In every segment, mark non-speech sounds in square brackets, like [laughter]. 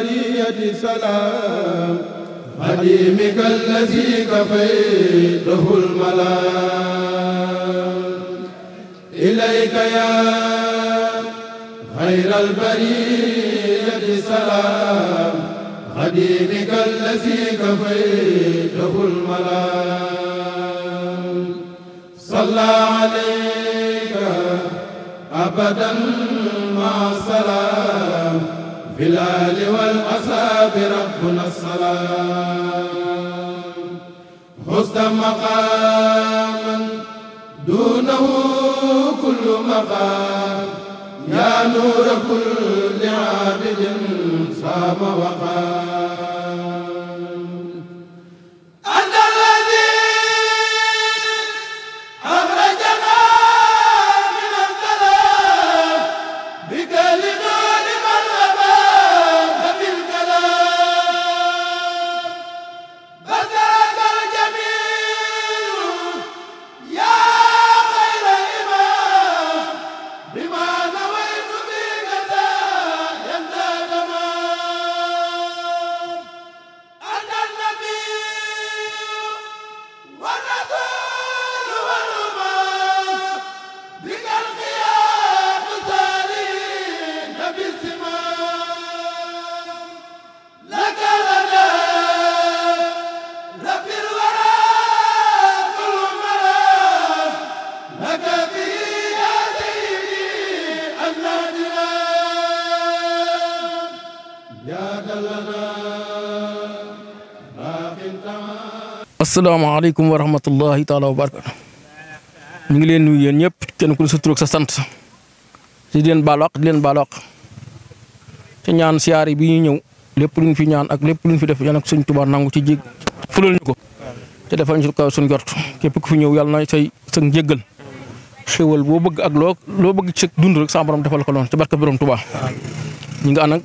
البرية سلام خديمك الذي كفيته الملام إليك يا خير البرية سلام خديمك الذي كفيته الملام صلى عليك أبدا مع السلام بالآل والأصحاب ربنا السلام خذ مقاما دونه كل مقام يا نور كل عابد صام وقام asalaamaaleykum wa rahmatullahi taala wa barakatu ñu ngi leen nu yéen ñëpp kenn ku si sa tur sa sant di leen baal wax di leen baal wax te ñaan siyaare bi ñu ñëw lépp lu ñu fi ñaan ak lépp lu ñu fi def yal na ko Sëñ Tuubaa nangu ci jég fulal ñu ko te defal ñu kaw suñ jort képp ku fi ñëw yàlla na say sa njéggal xéwal boo bëgg ak loo loo bëgg ci dundu rek sa borom defal ko loon ci barke borom Tuubaa ñu ngi ànd ak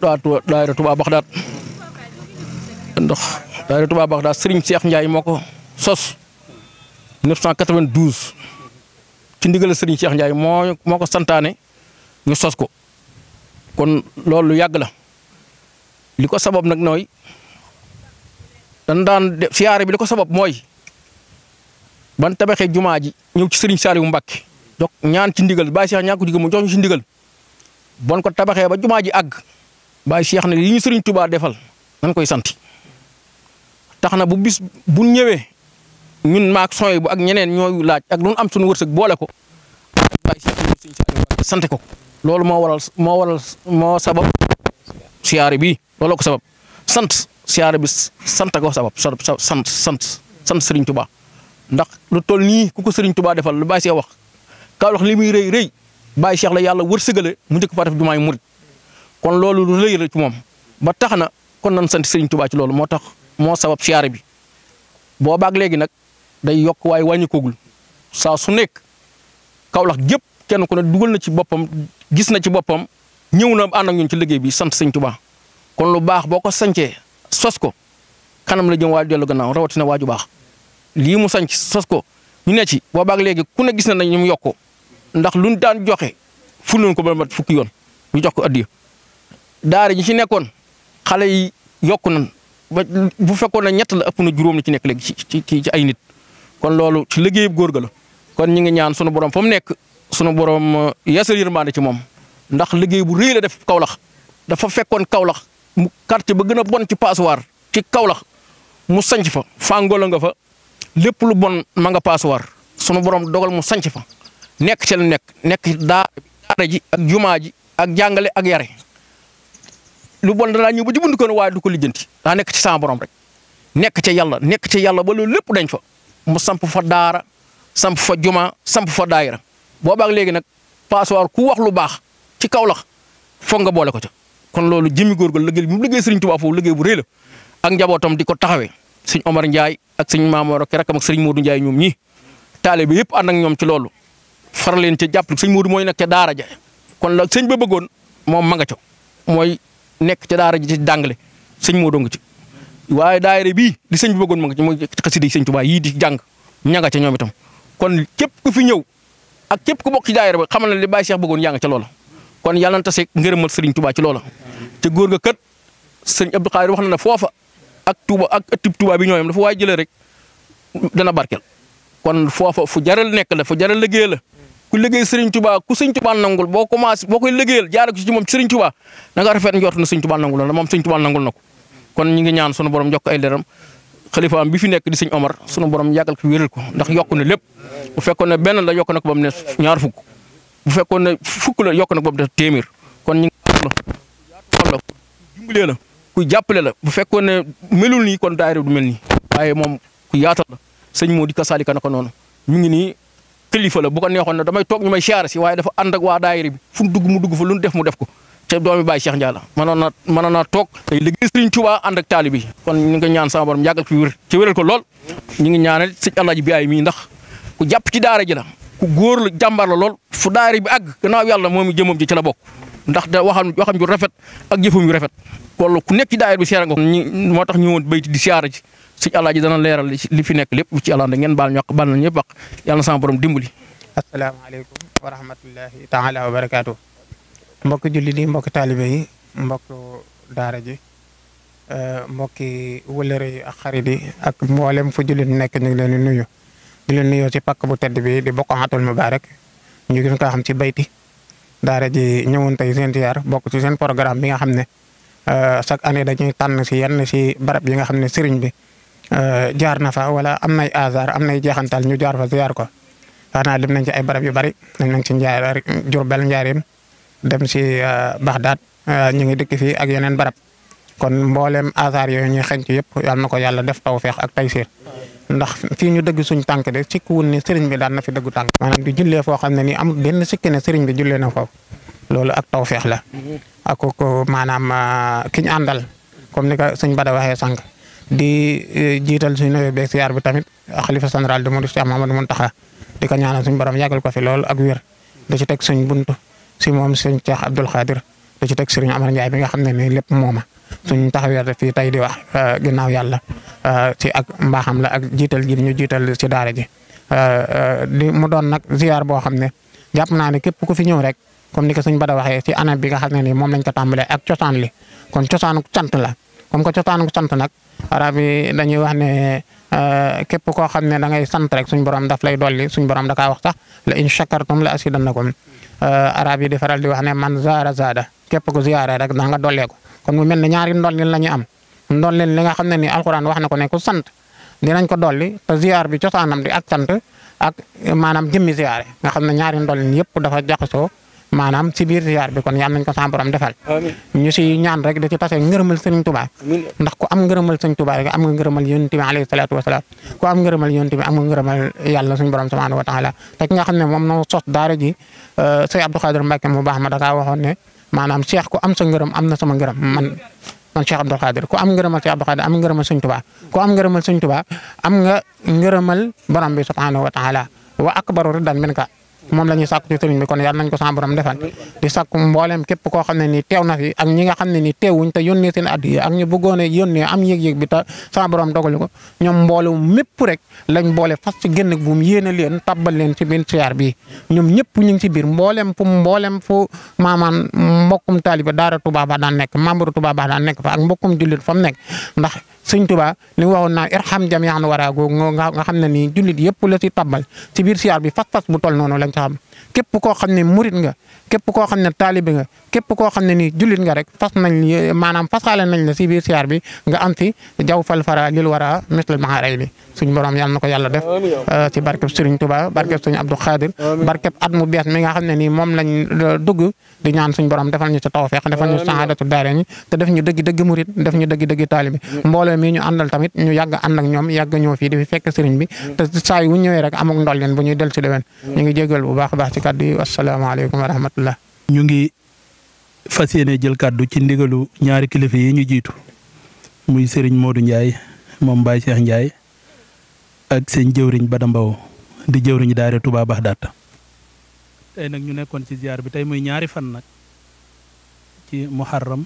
daayira Touba Baxdaat ndox seex Touba Baxdaat Serigne Cheikh moo ko sos 1992 ci ndigal Serigne Cheikh Ndiaye moo moo ko santaane ñu sos ko kon loolu lu yàgg la li ko sabab nag nooy dan daan siyaare bi li ko sabab mooy ban tabaxee jumaa ji ñëw ci Serigne Saliou mbakk donc ñaan ci ndigal bàyyi Cheikh ñaan ko digal mu jox ñu ci bon ko tabaxee ba jumaa ji àgg Baye Cheikh ne li ñu Serigne defal nañ koy sant tax na bu bis bu ñëwee ñun maak sooy bu ak ñeneen ñooy laaj ak lu am suñu wërsëg boole ko Baye sant ko. loolu moo waral moo waral moo sabab siyaare bi looloo ko sabab sant siyaare bi sant ko sabab sant sant sant Serigne Touba ndax lu toll nii ku ko Serigne Touba defal lu baa Cheikh wax kaw wax li muy rëy rëy. Baye Cheikh la yàlla wërsëgale mu njëkk faa def jumaay murit kon loolu lu rëy ci moom ba tax na kon nan sant Serigne Touba ci loolu moo tax moo sabab siyaare bi boobaag léegi nag day yokk waaye wàññikoogul saa su nekk Kaolack gépp kenn ku ne dugal na ci boppam gis na ci boppam ñëw na ànd ak ñun ci liggéey bi sant Serigne Touba kon lu baax boo ko sancee sos ko kanam la jëm waa dellu gannaaw rawatina waaju baax lii mu sanc sos ko ñu ne ci boobaag léegi ku ne gis na ne ñu yokk ndax lu luñ daan joxe ful nañ ko ba mat fukki yoon ñu jox ko addiya daara ñi ci nekkoon xale yi yokku nañ ba bu fekkoon na ñett la ëpp na juróom la ci nekk léegi ci ci ci ay nit kon loolu ci liggéeyub góor ga la kon ñu ngi ñaan sunu borom foo mu nekk sunu borom uh, yeesal yërmande ci moom ndax liggéey bu rëy la def Kaolack dafa fekkoon Kaolack mu quartier ba gën a bon ci Passoire ci Kaolack mu sanc fa fàngoola nga fa lépp lu bon ma nga Passoire sunu borom dogal mu sanc fa. nekk ca la nekk nekk daara ji ak jumaa ji ak jàngale ak yare lu bon danaa ñëw ba ci bunt waaye du ko lijjanti daa nekk ci sama borom rek nekk ce yàlla nekk ca yàlla ba loolu lépp dañ fa mu samp fa daara samp fa juma samp fa daayira ak léegi nag passoir ku wax lu baax ci Kaolack foog nga boole ko ca kon loolu jëmi góor góor liggéey bi mu liggéey Serigne Touba liggéey bu rëy la ak njabootam di ko taxawee sëñ Omar njaay ak sëñ Maamor ak rek ak sëriñ Modou njaay ñoom ñi taale bi yëpp ànd ak ñoom ci loolu far leen ca jàpp sëñ Modou mooy nekk ca daara kon la sëñ ba bëggoon moom ma nga ca mooy nekk ca daara ji ci jàngale sëñ Modou nga ci waaye daayira bii li sëñ bi bëggoon ma nga mooy xasida yi sëñ yii di jàng ña ca ñoom itam kon képp ku fi ñëw ak képp ku bokk ci daayira ba xamal na li Baye Cheikh yaa nga ca loola kon yàlla na tase ngërëmal sëriñ Tuubaa ci loola te góor ga kat sëriñ Abdou Khadre wax na ne foofa ak Touba ak ëttib bi ñooyam dafa waay jëlee rek dana barkel kon foofa fu jaral nekk la fu jaral liggéey la ku liggéey Serigne Touba ku Serigne Touba nangul boo commencé boo koy liggéeyal jaaree ko ci moom Serigne Touba da nga rafet njort na Serigne Touba nangul na moom Serigne Touba nangul na ko kon ñu ngi ñaan sunu borom jokk ay leeram xalifaam bi fi nekk di sëñ Omar sunu borom yàggal ko wéral ko ndax yokk na lépp bu fekkoon ne benn la yokk ko ba mu ne ñaar fukk bu fekkoon ne fukk la yokk na ko ba mu def téeméer kon ñu ngi la xam la dimbalee la ku jàppale la bu fekkoon ne melul nii kon daayira du mel ni waaye moom ku yaatal la sëñ moo di kasaalika na ko noonu mi ngi nii kilifa la bu neexoon na damay toog ñu may siyaare si waaye dafa ànd ak waa daayira bi fu mu dugg mu dugg fa lu mu def mu def ko te doomi Baye Cheikh Ndiala mënoon na mënoon na toog tey liggéey Serigne Touba ànd ak taali bi kon ñu ngi ñaan sama borom yàggal ko wér ci ko lool ñu ñaanal sëñ Alaaji bi ay mii ndax ku jàpp ci ji la ku góor la jàmbaar la lool fu daara bi na gannaaw yàlla moom jëmam ji ci la bokk ndax da waxam waxam ju rafet ak jëfam yu rafet kon ku nekk ci daara bi moo tax ñu woon béyti di siyaara ji sëñ Alaaji dana leeral li fi nekk lépp ci àlanda ngeen baal ñoq baal na ñëpp wax yàlla na sama borom dimbali. asalaamaaleykum wa rahmatullahi taala barakaatu. mbokk jullit di mbokk taalibe yi mbokk daara ji eh, mbokki wëlëre yi ak xarit yi ak mboolem fu jullit nekk ñu ngi leen di nuyu. di leen nuyoo ci pàkk bu tedd bi di Bokhaatoul Moubarak ñu gën koo xam ci bayti daara ji ñëwoon tey seen ziar bokk ci seen programme bi nga xam ne eh, chaque année dañuy tànn si yenn si barab yi nga xam ne sëriñ bi. Euh, jaar na fa wala am nay azar am nay jeexantal ñu jaar fa ziar ko xanaa dem nañ ci ay barab yu bari dem nañ ci njaar Jurbel njaarim dem si euh, Baxdaad euh, ñu ngi dëkk fii ak yeneen barab kon mbooleem azar yooyu ñu xenc yëpp yal na ko yàlla def tawfeex ak taysiir ndax fii ñu dëgg suñ tànk de sikk wun ni sëriñ bi daan na fi dëggu tànk maanaam di jullee foo xam ne ni amul benn sikki ne sëriñ bi jullee na foofu loolu ak tawfeex la mhm. ak ko maanaam kiñ àndal comme ni ko sëñ Bada waxee sànq di eh, jiital suñu nawet beeg siyaar bi tamit xalifa central de Mouride Cheikh Mamadou Mountakha di ko ñaanal suñu borom yàggal ko fi lool ak wér da teg suñ buntu si moom suñ Cheikh Abdoul Khadir da ci teg Serigne Amar njaay bi nga xam ne nii lépp mooma suñ taxawee fii tey di wax eh, ginnaaw yàlla eh, ci ak mbaaxam la ak jiital ji ñu jiital si daara ji di mu doon nag ziar boo xam ne jàpp naa ne képp ku fi ñëw rek comme ni ko suñ Bada waxee ci anam bi nga xam ne nii moom lañ ko tàmbalee ak cosaan li kon cosaanu cant la. comme que cosaanu sant nag arab yi dañuy wax ne euh, képp koo xam ne da ngay sant rek suñ borom daf lay dolli suñ borom da kaa wax sax la in shakartum la asidannakum euh, arab di faral di wax ne man zaara zaada da nga dolleeku kon mu mel ne ñaari ndollin la ñu am ndollin li nga xam ne ni alxuraan wax na ko ne ku sant dinañ ko dolli te ziyaar bi cosaanam di ak sant ak maanaam jëmmi ziyaare nga xam ne ñaari ndollin yëpp dafa jaxasoo maanaam ci biir ziar bi kon yal nañ ko sa borom defal ñu si ñaan rek da ci tase ngërëmal sëriñ Tuubaa ndax ku am ngërëmal sëriñ Tuubaa rek am nga ngërëmal yonent bi alayhi salaatu wasalaam ku am ngërëmal yonent wa taala te ki nga euh, ma da kaa waxoon ne sa ngërëm am na sama ngërëm man man Cheikh Abdou Khadir ku am ngërëmal Cheikh Abdou Khadir am ngërëmal Sëñ Tuubaa moom la ñuy sàkku ci sëriñ bi kon yàlla nañ ko sama borom defal di sàkku mboolem képp koo xam ne nii teew na fi ak ñi nga xam ne nii teewuñ te yónnee seen at yi ak ñu bëggoon a yónnee am yëg-yëg bi te sama borom dogalu ko ñoom rek lañ boole fas ci génn bu mu yéene leen tabbal leen ci biir siyaar bi ñoom ñëpp ñu ngi ci biir mboolem fu mboolem fu maamaan mbokkum taaliba daara Touba ba daan nekk membre Touba ba daan nekk fa ak mbokkum jullit fa mu nekk ndax sëñ Touba li waxoon naa irham jami'an waraago nga xam ne nii jullit yëpp la ci tabbal ci biir siyaar responsable képp koo xam ne murit nga képp koo xam ne taalibe nga képp koo xam ne nii jullit nga rek fas nañ maanaam fasaale nañ la si biir siyaar bi nga am fi jaw fal fara lil wara misle maxaaray li suñ borom yàlla na ko yàlla def euh, ci barkeb Serigne Touba barkeb Serigne Abdou Khadir barkeb at mu bees mi nga xam ne nii moom lañ euh, dugg di ñaan suñ borom defal ñu ci tawfeex defal ñu saadatu daare ñi te def ñu dëgg dëgg murit def ñu dëgg dëgg taalibi mboole mi ñu àndal tamit ñu yàgg ànd ak ñoom yàgg ñoo fii di fi fekk Serigne bi te saa yu ñëwee rek amuk ndol leen bu ñuy del ci dewen ñu ngi jégal bu baax baax ci kàddu yi wasalaamaaleykum wa rahmatullah ñu ngi fas yéene jël kàddu ci ndigalu ñaari kilifa yi ñu jiitu muy Serigne Modou Ndiaye moom Baye Cheikh Ndiaye ak seen jëwriñ Bada Mbow di jëwriñ tubaa Touba daata tey nag ñu nekkoon ci ziar bi tey muy ñaari fan nag ci muharram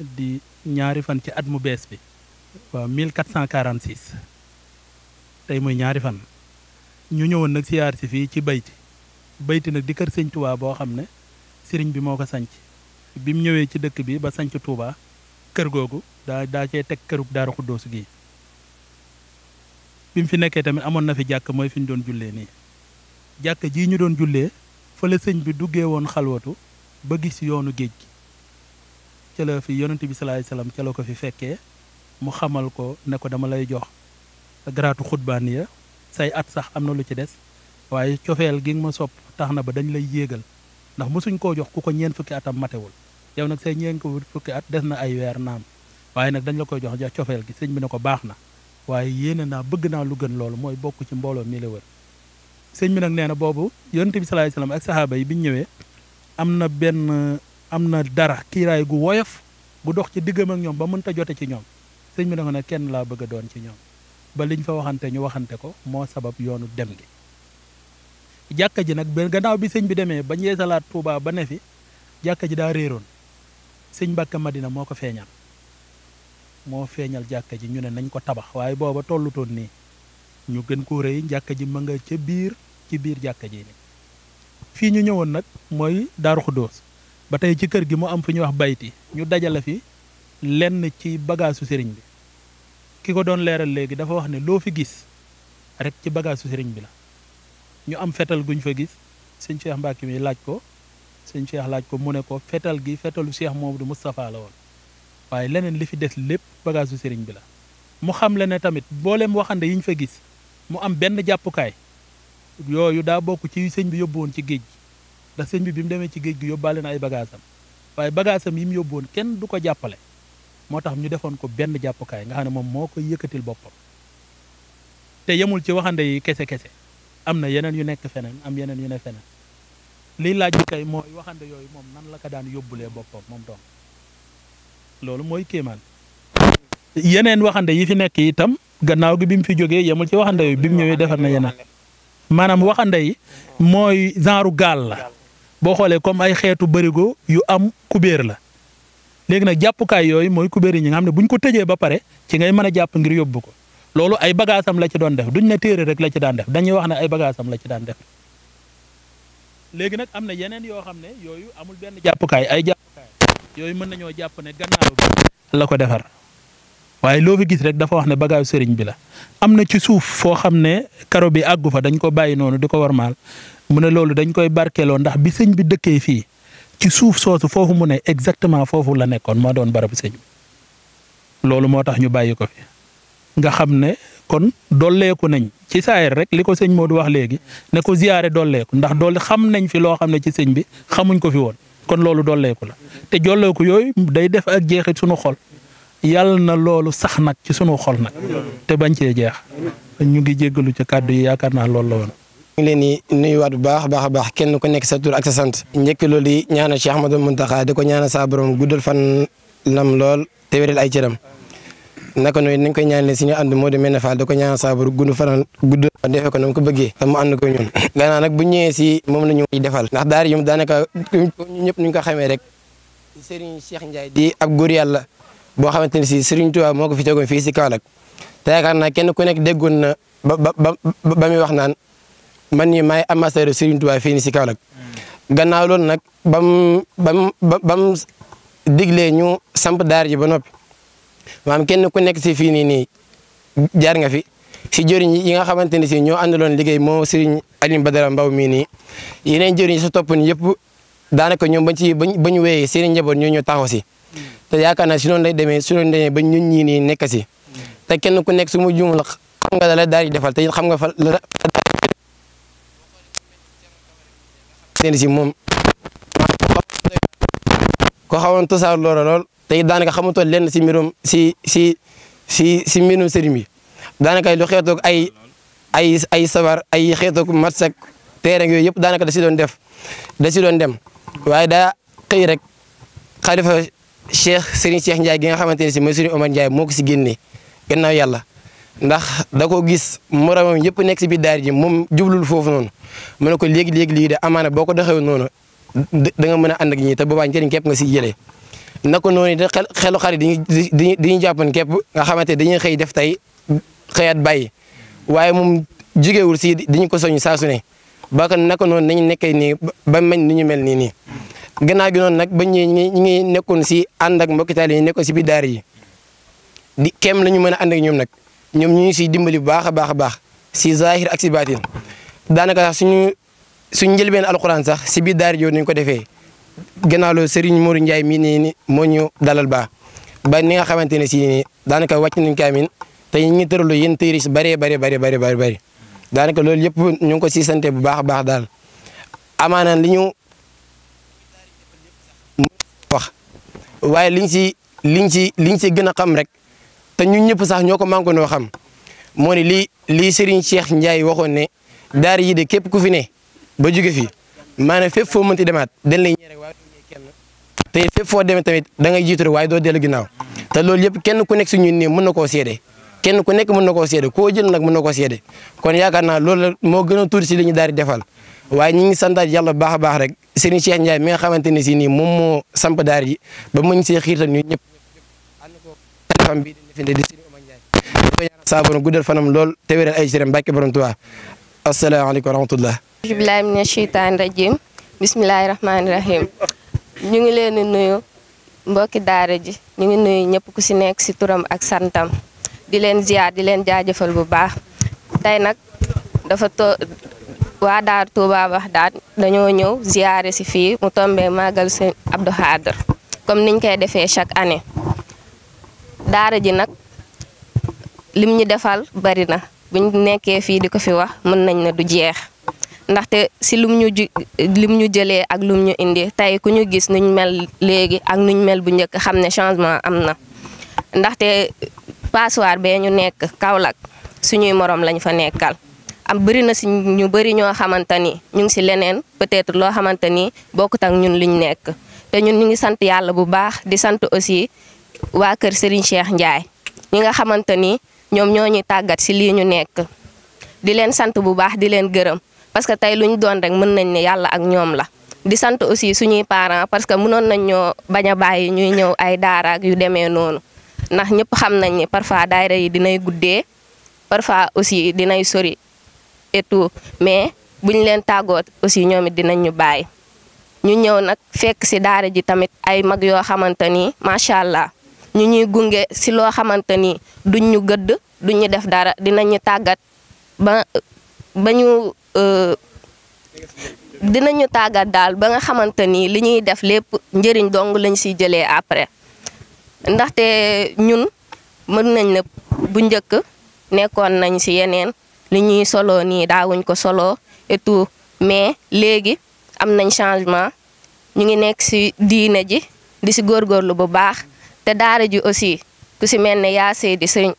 di ñaari fan ci at mu bees bi waaw 1446 tey muy ñaari fan ñu ñëwoon nag ziar si fii ci bayti bayti nag di kër sëñ Touba boo xam ne sëriñ bi moo ko sanc bi mu ñëwee ci dëkk bi ba sanc Touba kër googu daa daa cee teg kërug Daaru Xuddoosu gi bi fi nekkee tamit amoon na fi jàkk mooy fi ñu doon jullee nii jàkk jii ñu doon jullee fa sëñ bi duggee woon xalwatu ba gis yoonu géej gi ca la fi yonent bi salaay salaam ko fi fekkee mu xamal ko ne ko dama lay jox garaatu xutbaan ya say at sax am na lu ci des waaye cofeel gi ma sopp tax na ba dañu lay yéegal ndax mosuñ koo jox ku ko ñeen fukki atam matewul yow nag say ñeen ko fukki at des na ay weer naam waaye nag dañu la koy jox jox cofeel gi sëñ bi ne ko baax na waaye yéene naa bëgg naa lu gën loolu mooy bokk ci mbooloo mi la wër sëñ bi nag nee na boobu yonent bi salaay salaam ak saxaaba yi bi ñu ñëwee am na benn am na dara kiiraay gu woyof gu dox ci diggam ak ñoom ba mënta jote ci ñoom sëñ bi nag na kenn laa bëgg a doon ci ñoom ba liñ fa waxante ñu waxante ko moo sabab yoonu dem gi. jàkka ji nag ba gannaaw bi sëñ bi demee ba yeesalaat Tuubaa ba ne fi jàkka ji daa réeroon sëñ Mbàkke Madina moo ko feeñal. moo feeñal jàkka ji ñu ne nañ ko tabax waaye booba tollutoon nii ñu gën ko rëy jàkka ji ma nga ca biir ci biir jàkka ji ni fii ñu ñëwoon nag mooy Daaru Xuddoos ba tey ci kër gi mu am fu ñuy wax bayti ñu dajale fi lenn ci bagaasu sëriñ bi ki ko doon leeral léegi dafa wax ne loo fi gis rek ci bagaasu sëriñ bi la ñu am fetal ñu fa gis sëñ Cheikh Mbacke mi laaj ko sëñ Cheikh laaj ko mu ne ko fetal gi fetalu Cheikh du Moustapha la woon waaye leneen li fi des lépp bagage sëriñ bi la mu xam le ne tamit booleem waxande yi ñu fa gis mu am benn jàppukaay yooyu daa bokk ci sëñ bi yóbbu woon ci géej gi ndax sëñ bi bi mu demee ci géej gi yóbbaale na ay bagage am waaye bagage yi mu yóbbu woon kenn du ko jàppale moo tax ñu defoon ko benn jàppukaay nga xam ne moom moo koy yëkkatil boppam te yemul ci waxande yi kese kese am na yeneen yu nekk feneen am yeneen yu ne feneen liy laaj bi kay mooy waxande yooyu moom nan la ko daan yóbbulee boppam moom donc loolu mooy kéemaan yeneen waxande yi fi nekk itam gannaaw gi bi mu fi jógee yemul ci waxande yooyu bi mu ñëwee defar na yeneen maanaam waxande yi mooy genre gaal la boo xoolee comme ay xeetu barigo yu am kubéer la léegi nag jàppukaay yooyu mooy kubéer yi nga xam ne bu ñu ko tëjee ba pare ci ngay mën a jàpp ngir yóbbu loolu ay bagaasam la ci doon def duñ ne téere rek la ci daan def dañuy wax ne ay bagaasam la ci daan def nag am na yeneen yoo xam ne yooyu amul benn jàppukaay ay yooyu mën nañoo jàpp ne gannaaw bi la ko defar waaye loo fi gis rek dafa wax ne bagaayu sëriñ bi la am na ci suuf foo xam ne karo bi àggu fa dañ ko bàyyi noonu di ko war maal mu ne loolu dañ koy barkeeloo ndax bi sëñ bi dëkkee fii ci suuf soosu foofu mu ne exactement foofu la nekkoon moo doon barabu sëñ loolu moo tax ñu bàyyi ko fi nga xam ne kon dolleeku nañ ci saayir rek li ko sëñ Modou wax léegi ne ko ziyaare dolleeku ndax dool xam nañ fi loo xam ne ci sëñ bi xamuñ ko fi woon kon loolu dolleeku la te jolleeku yooyu day def ak jeexit sunu xol yàlla na loolu sax nag ci sunu xol nag te bañ cee jeex ñu ngi jéggalu ci kàddu yi yaakaar naa loolu la woon. ñu ngi leen di nuyuwaat baax a baax a baax kenn ku nekk sa tur ak sa sant. njëkk loolu yi ñaanal Cheikh Ahmadou Mountakha di ko ñaana saa borom guddal fan lam lool te wéral ay cëram. naka noonu nañ koy ñaanale suñu ànd moo di mel ne Fall da ko ñaanal saabaru gudd faral ko na mu ko bëggee mu ànd ko ñun [coughs] gannaaw nag bu ñëwee si moom la ñu defal ndax daara yum daanaka ñu ñëpp ñu ko xamee rek Serigne Cheikh Ndiaye di ab góor yàlla boo xamante ne si Serigne Touba moo ko fi si Kaolack te yaakaar naa kenn ku nekk déggoon na ba ba ba muy wax naan man nii maay ambassadeur Serigne Touba fii nii si Kaolack mm. gannaaw loolu nag bam bam bam ñu samp daar ji ba noppi maanaam kenn ku nekk si fii nii nii jaar nga fi si jëriñ yi nga xamante ni si ñoo àndaloon liggéey moo Serigne Alioune Badara Mbaw mii nii yeneen jëriñ yi sa topp ni yëpp daanaka ñoom bañ ci bañ ñu wéyee seen njaboot ñoo ñoo taxaw si te yaakaar naa si noon lay demee si noonu demee ba ñun nii nekk si te kenn ku nekk su ma juumul xam daal di defal te xam nga fa la seen si moom ko xawoon tasaar loola lool te daanaka xamatoo lenn si mbirum si si si si mbirum sëriñ bi daanaka lu xeetoog ay ay ay sabar ay xeetoog match ak terrain yooy yëpp daanaka da si doon def da si doon dem waaye daa xëy rek xalifa cheikh Serigne Cheikh Ndiaye gi nga xamante ne si mooy Serigne Omar Ndiaye moo ko si génnee gannaaw yàlla ndax da ko gis moromam yëpp nekk si biir daara ji moom jublul foofu noonu mu ne ko léegi léegi lii de amaana boo ko doxee noonu da nga mën a ànd ak ñii te boobaa njëriñ képp nga si jëlee. naka noonu da xelu xar yi dañuy dañuy dañuy jàppan képp nga xamante dañuy xëy def tey xëyaat bàyyi waaye moom jigéewul si dañu ko soñu saa ne ba naka noonu nañu nekkee nii ba mañ ni ñu mel nii nii. gannaaw gi noonu nag ba ñu nekkoon si ànd ak mbokki taal yi nekkoon si biir daara yi di kem la ñu mën a ànd ak ñoom nag ñoom ñu ngi siy dimbali bu baax a baax a baax si zahir ak si baatin daanaka sax suñu suñu njëlbeen alxuraan sax si biir daara yooyu nañu ko defee. gannaaw loolu Serigne Mourou Ndiaye mii nii nii moo ñu dalal ba ba ni nga xamante ne si nii daanaka wàcc nañ kaamin te ñu ngi tëralu yéen téere si bëree bëri bëri bëri bëri daanaka loolu yëpp ñu ko siy sante bu baax a baax daal amaana li ñu wax waaye liñ si liñ si liñ si gën a xam rek te ñun ñëpp sax ñoo ko manqué noo xam moo ne lii lii Serigne Cheikh Ndiaye waxoon ne daara yi de képp ku fi ne ba jóge fi maanaam fépp foo mënti demaat dañ lay ñee rek waaye fépp foo demee tamit da ngay jiitu waaye doo dellu ginnaaw te loolu yëpp kenn ku nekk si ñun nii mën na koo seede kenn ku nekk mun na koo seede koo jël nag mun na koo seede kon yaakaar naa loolu la moo gën a tuuti si li ñu di defal waaye ñu ngi santaat yàlla baax a baax rek Serigne Cheikh Ndiaye mi nga xamante ne si nii moom moo samp daar ji ba muñ see xiirtal ñu ñëpp fam bi di defende di Serigne Omar Ndiaye ko ñaanal saa borom guddal fanam lool te wéral ay sëram Mbàkke borom Tuubaa asalaamaaleykum wa rahmatullah bilahi mina cheytaan rajim bismillahi rahmaani rahim ñu ngi leen di nuyu mbokki daara ji ñu ngi nuyu ñëpp ku ci nekk ci turam ak santam di leen ziar di leen jaajëfal bu baax tey nag dafa to waa daar Touba Baxdaad dañoo ñëw ziare si fii mu tombee màggal sëñ Abdou Khadr comme niñ koy defee chaque année daara ji nag lim ñu defal bari na buñ nekkee fii di ko fi wax mën nañ ne du jeex ndaxte si lum ñu ju lim ñu jëlee ak lum ñu indi tey ku ñu gis nuñ mel léegi ak nuñ mel bu njëkk xam ne changement am na ndaxte passoire bee ñu nekk Kaolack suñuy morom lañ fa nekkal am bëri na si ñu bëri ñoo xamante ni ñu ngi si leneen peut-être loo xamante ni bokkut ak ñun liñ nekk te ñun ñu ngi sant yàlla bu baax di sant aussi waa kër Serigne Cheikh Ndiaye ñi nga xamante ñoom ñoo ñuy tàggat si lii ñu nekk di leen sant bu baax di leen gërëm parce que tey lu ñu doon rek mën nañ ne yàlla ak ñoom la di sant aussi suñuy parents parce que mënoon nañ ñoo bañ a bàyyi ñuy ñëw ay daaraak yu demee noonu ndax ñëpp xam nañ ni parfois daayira yi dinay guddee parfois aussi dinay sori et tout mais buñ leen tàggoot aussi ñoom it dinañ ñu bàyyi ñu ñëw nag fekk si daara ji tamit ay mag yoo xamante ni macha allah. ñu ñuy gunge si loo xamante ni duñ ñu gëdd duñ ñu def dara dinañu tàggat ba ba ñu euh, dinañu tàggat daal ba nga xamante ni li ñuy def lépp njëriñ dong lañ siy jëlee après ndaxte ñun mën nañ ne bu njëkk nekkoon nañ si yeneen li ñuy soloo nii daawuñ ko solo etou mais léegi am nañ changement ñu ngi nekk si diine ji di si góorgóorlu bu baax te daara ji aussi ku si mel ne yaa seedi sëñ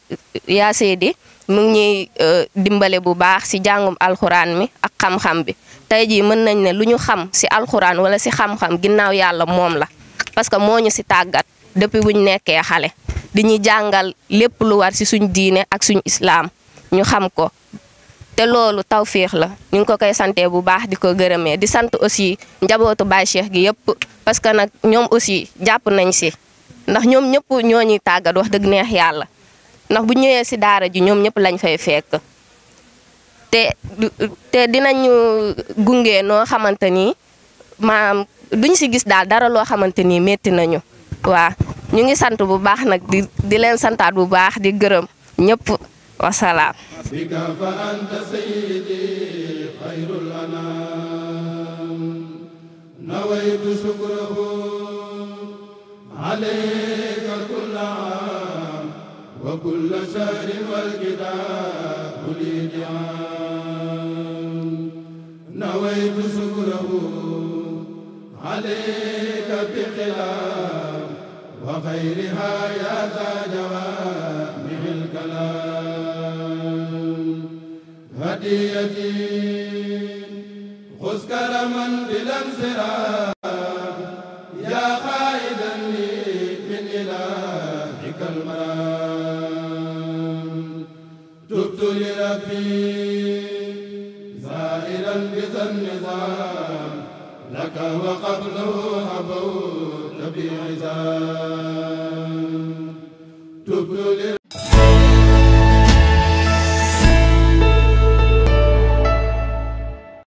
yaa seedi mu ngi ñuy euh, dimbale bu baax si jàngum alxuraan mi ak xam-xam bi tey jii mën nañ ne lu ñu xam si alxuraan wala si xam-xam ginnaaw yàlla moom la parce que moo ñu si tàggat depuis bu ñu nekkee xale di ñu jàngal lépp lu war si suñ diine ak suñ islaam ñu xam ko te loolu tawféex la ñu ngi ko koy santee bu baax di ko gërëmee di sant aussi njabootu Baye Cheikh gi yëpp parce que nag ñoom aussi jàpp nañ si ndax ñoom ñëpp ñoo ñuy tàggat wax dëgg neex yàlla ndax bu ñëwee si daara ji ñoom ñëpp lañ fay fekk te te dinañu gunge noo xamante ni maam duñ si gis daal dara loo xamante ni métti nañu. waa ñu ngi sant bu baax nag di di leen santaat bu baax di gërëm ñépp wasalaam. عليك كل عام وكل شهر والكتاب لي نعام نويت شكره عليك بخلاف وخيرها يا ذا